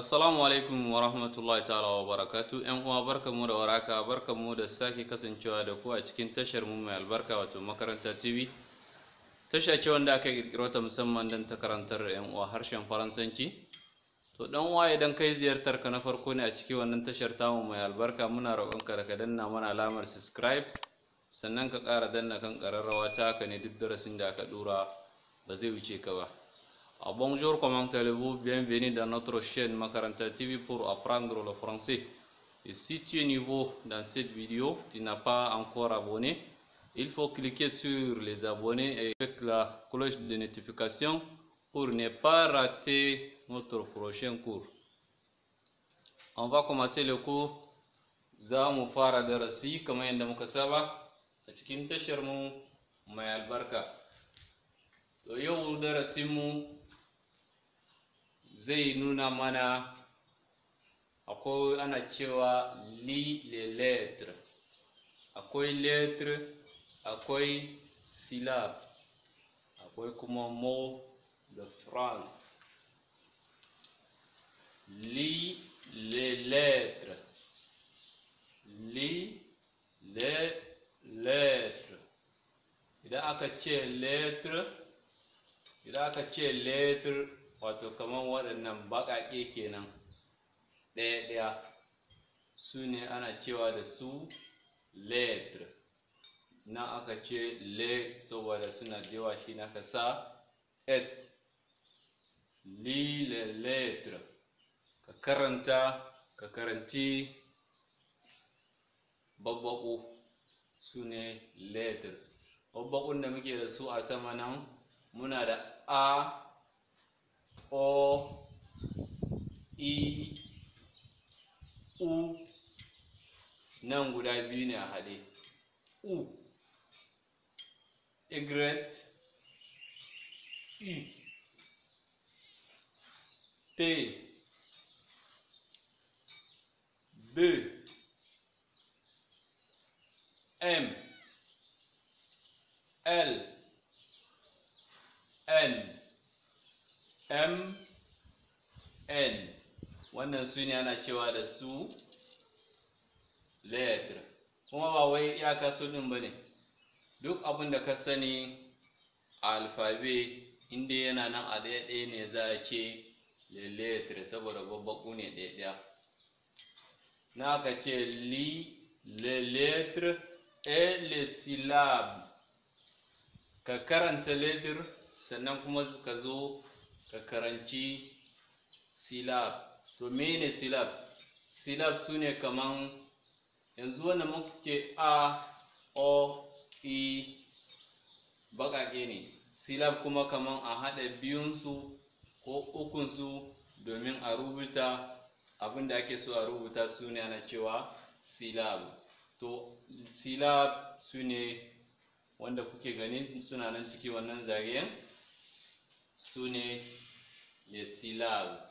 Assalamu alaikum wa rahmatullahi ta'ala wa barakatu ‘yan uwa barka mu da waraka mu da sake kasancewa da ku a cikin tashar mu mai albarka wato makaranta TV. Tasha ce wanda aka kirkiro ta musamman don ta karantar da ‘yan uwa harshen Faransanci. To dan uwa idan kai ziyartar ka na farko ne a cikin wannan tashar ta mu mai albarka muna roƙon ka da ka danna mana alamar subscribe sannan ka ƙara danna kan ƙararrawa ta haka ne duk darasin da aka ɗora ba zai wuce ka ba. Ah, bonjour, comment allez-vous Bienvenue dans notre chaîne Macaranta TV pour apprendre le français. Et si tu es nouveau dans cette vidéo, tu n'as pas encore abonné, il faut cliquer sur les abonnés et avec la cloche de notification pour ne pas rater notre prochain cours. On va commencer le cours. fara muka saba a cikin tashar mu zai nuna mana akwai ana cewa li le lettre akwai lettre akwai silab akwai kuma mo da france li le letre li le letre idan aka ce letre. idan aka ce wato kamar waɗannan baƙaƙe kenan ɗaya-ɗaya su ne ana cewa da su letre na aka ce le saboda suna jewa shi na ka sa s li letre ka karanta ka karanci babbaƙo su ne letre babbaƙun da muke da su a sama nan muna da a O, I, U. Nan guda biyu ne a haɗe. U. Igret. I. T. B. M. L. wannan su ne ana cewa da su letter kuma ba wai iyaka su ɗin ba ne duk abin da ka sani a alfabe inda yana nan a ɗaya ɗaya ne za a ce letter saboda babbaku ne ɗaya ɗaya na ka ce li et le e, syllabes ka karanta letter sannan kuma ka zo ka karanci silab to mene silab silab su ne kaman yanzu wanda muke a o e baƙaƙe ne silab kuma kaman a haɗa biyunsu ko ukunsu domin a rubuta abin da ake so a rubuta su ne ana cewa silab to silab sune ne wanda kuke gani suna nan ciki wannan zagayen sune ne silab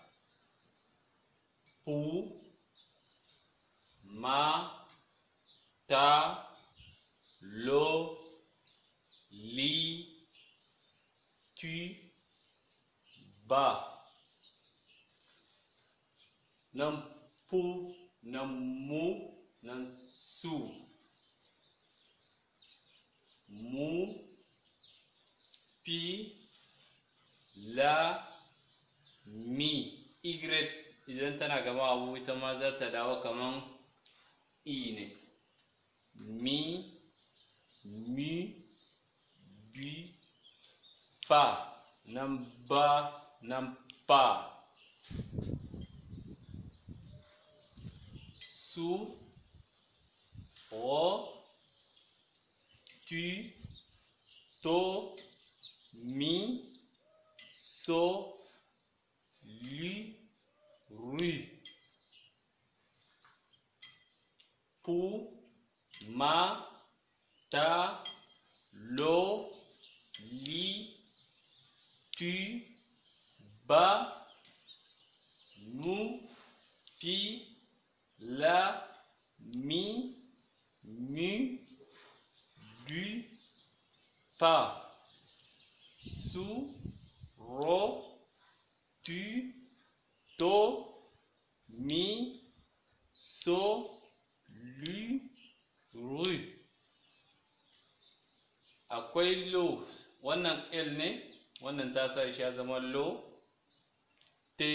ma ta lo li tu ba nan Pou nan Mou nan su mu pi la mi y idan tana gaba abu ita ma ne mi mi bi pa nan ba pa su tu to mi so li rue pour ma ta lo li tu ba nous pi la mi mu du pa sous ro tu to, mi, so, lu, ru. Akwai lo, wannan L ne, wannan ta sa shi ya zama lo, te,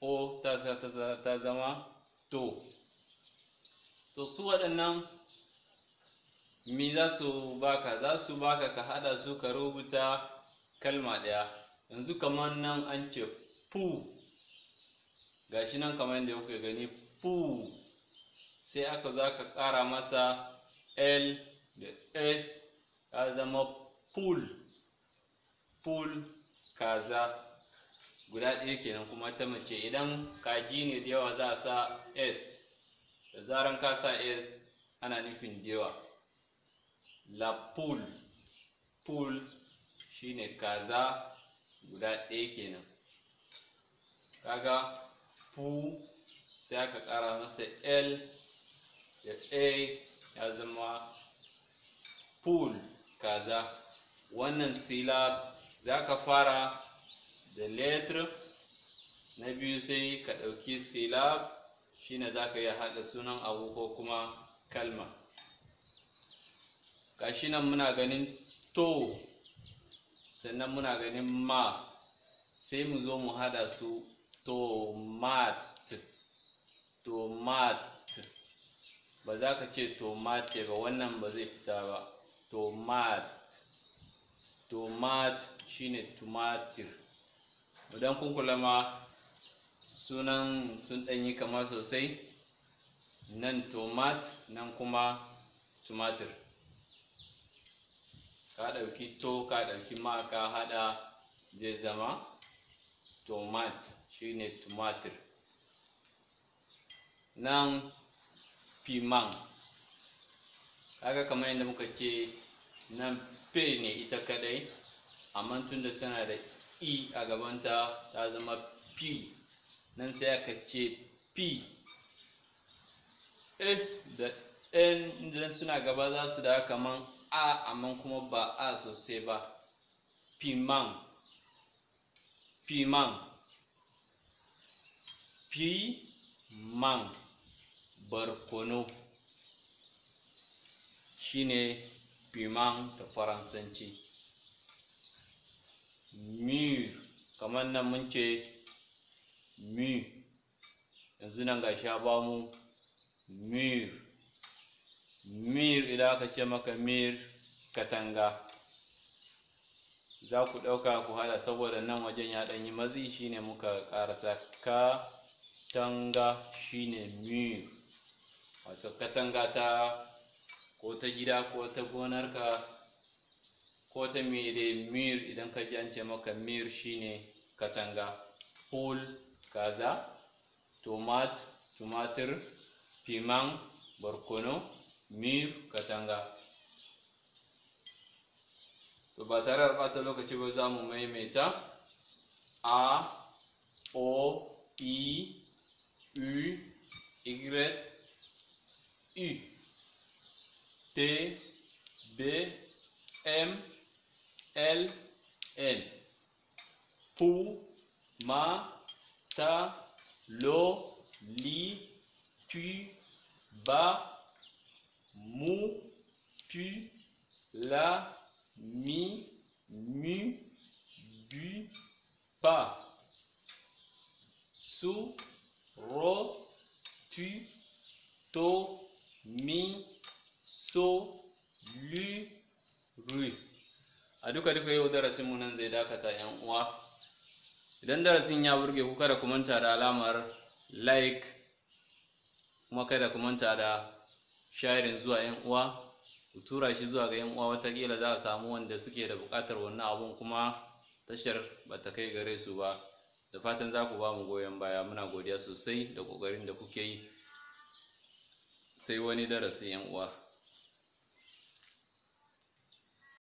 o ta sa ta zama to. To su waɗannan mi za su baka, za su baka ka haɗa su ka rubuta kalma ɗaya. Yanzu kamar nan an ce pu. gashi nan kamar yadda kuke gani fu sai aka za ka ƙara masa l da e ya zama pool pool kaza guda ɗaya kenan kuma ta mace idan kaji ne da yawa za a sa s da zaran ka sa s ana nufin da yawa la pool pool shine kaza guda ɗaya kenan kaga fu sai aka ƙara masa l da a ya zama pool kaza wannan silab za ka fara da letter na biyu sai ka ɗauki silab shine za ka iya haɗa sunan abu ko kuma kalma shi nan muna ganin to sannan muna ganin ma sai mu zo mu haɗa su Tomat, tomat, ba za ka ce tomate ba wannan ba zai fita ba tomat tomat shine tumatir idan kun kula ma sunan sun ɗanyi kama sosai nan tomat nan kuma tumatir ka ɗauki to ka ɗauki ma ka haɗa zai zama tomat shine tumatir nan piman kaga kamar yadda muka ce nan pe ne ita kadai amma tunda tana da i a gabanta ta zama p nan sai aka ce p f e da n e idan suna gaba za su da kaman a amma kuma ba a sosai ba piman piman fi man barkono shine piman da faransanci mur kamar nan mun ce mur yanzu nan ga sha ba mu mur mir idan aka ce maka mir katanga za ku ɗauka ku hada saboda nan wajen ya yi mazi shine muka ƙarasa ka tanga shine mur wato katanga ta ko ta gida ko ta gonarka ko ta mere mir idan ka ji maka mir shine katanga pol kaza tomat tumatir piman barkono mir katanga to ba tare da bata lokaci ba za mu maimaita a o i U, Y, U. T, B, M, L, N. Pou, ma, ta, lo, li, tu, ba, mou, pu, la, mi, mu, bu, pa. Sous, ro, tu, to, mi, so, lu, ru. A duka duka yau darasin mu nan zai dakata ‘yan uwa. Idan darasin ya burge ku kada ku manta da alamar like kuma kada ku manta da sharing zuwa ‘yan uwa. Ku tura shi zuwa ga ‘yan uwa watakila za a samu wanda suke da buƙatar wannan abun kuma tashar ba ta kai gare su ba. da fatan za ku ba mu goyon baya muna godiya sosai da ƙoƙarin da kuke yi sai wani darasi 'yan uwa